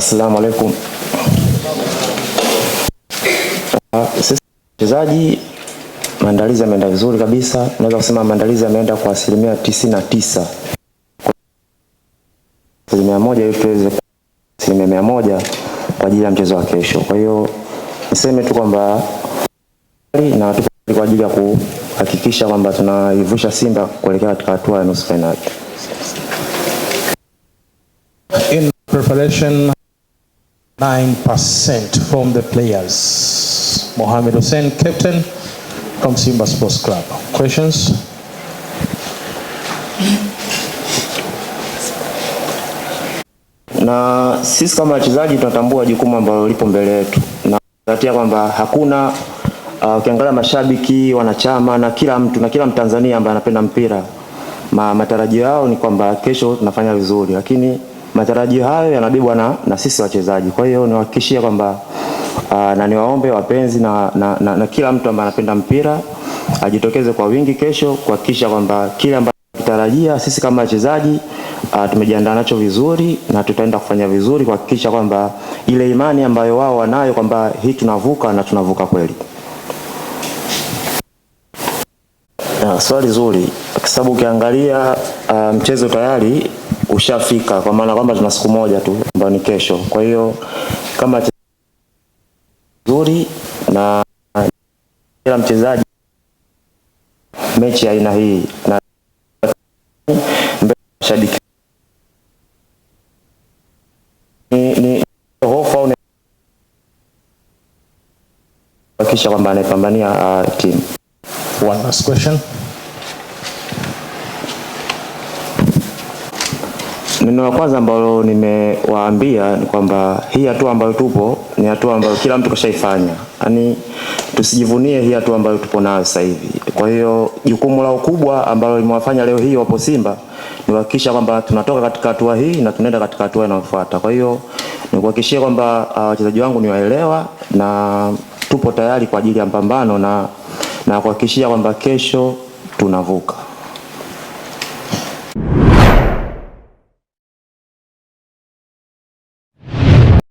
Assalamu alaikum. Ah, sisi wachezaji maandalizi yameenda vizuri kabisa, naweza kusema maandalizi yameenda kwa asilimia tisini na tisa asilimia moja ili tuweze asilimia mia moja kwa ajili ya mchezo wa kesho. Kwa hiyo niseme tu kwamba na tuko kwa ajili ya kuhakikisha kwamba tunaivusha Simba kuelekea katika hatua ya nusu fainali. In preparation 9% from the players. Mohamed Hussein, captain from Simba Sports Club. Questions? Na sisi kama wachezaji tunatambua jukumu ambalo lipo mbele yetu na natia kwamba hakuna uh, ukiangalia, mashabiki, wanachama na kila mtu na kila Mtanzania ambaye anapenda mpira ma, matarajio yao ni kwamba kesho tunafanya vizuri lakini matarajio hayo yanabibwa na, na sisi wachezaji. Kwa hiyo niwahakikishie kwamba uh, na niwaombe wapenzi na, na, na, na kila mtu ambaye anapenda mpira ajitokeze kwa wingi kesho kuhakikisha kwamba kile ambacho tunatarajia sisi kama wachezaji uh, tumejiandaa nacho vizuri na tutaenda kufanya vizuri kuhakikisha kwamba ile imani ambayo wao wanayo kwamba hii tunavuka na tunavuka kweli. Ah, swali zuri kwa sababu ukiangalia uh, mchezo tayari ushafika, kwa maana kwamba tuna siku moja tu ambayo ni kesho. Kwa hiyo kama nzuri na kila mchezaji mechi ya aina hii na mashabiki ni hofu kuhakikisha kwamba anaipambania uh, timu. One last question. Neno la kwanza ambalo nimewaambia ni kwamba hii hatua ambayo tupo ni hatua ambayo kila mtu kashaifanya, yaani tusijivunie hii hatua ambayo tupo nayo sasa hivi. Kwa hiyo jukumu lao kubwa ambalo limewafanya leo hii wapo Simba ni kuhakikisha kwamba tunatoka katika hatua hii na tunaenda katika hatua inayofuata. Kwa hiyo nikuhakikishie kwamba uh, wachezaji uh, wangu niwaelewa na tupo tayari kwa ajili ya mpambano na na kuhakikishia kwamba kesho tunavuka.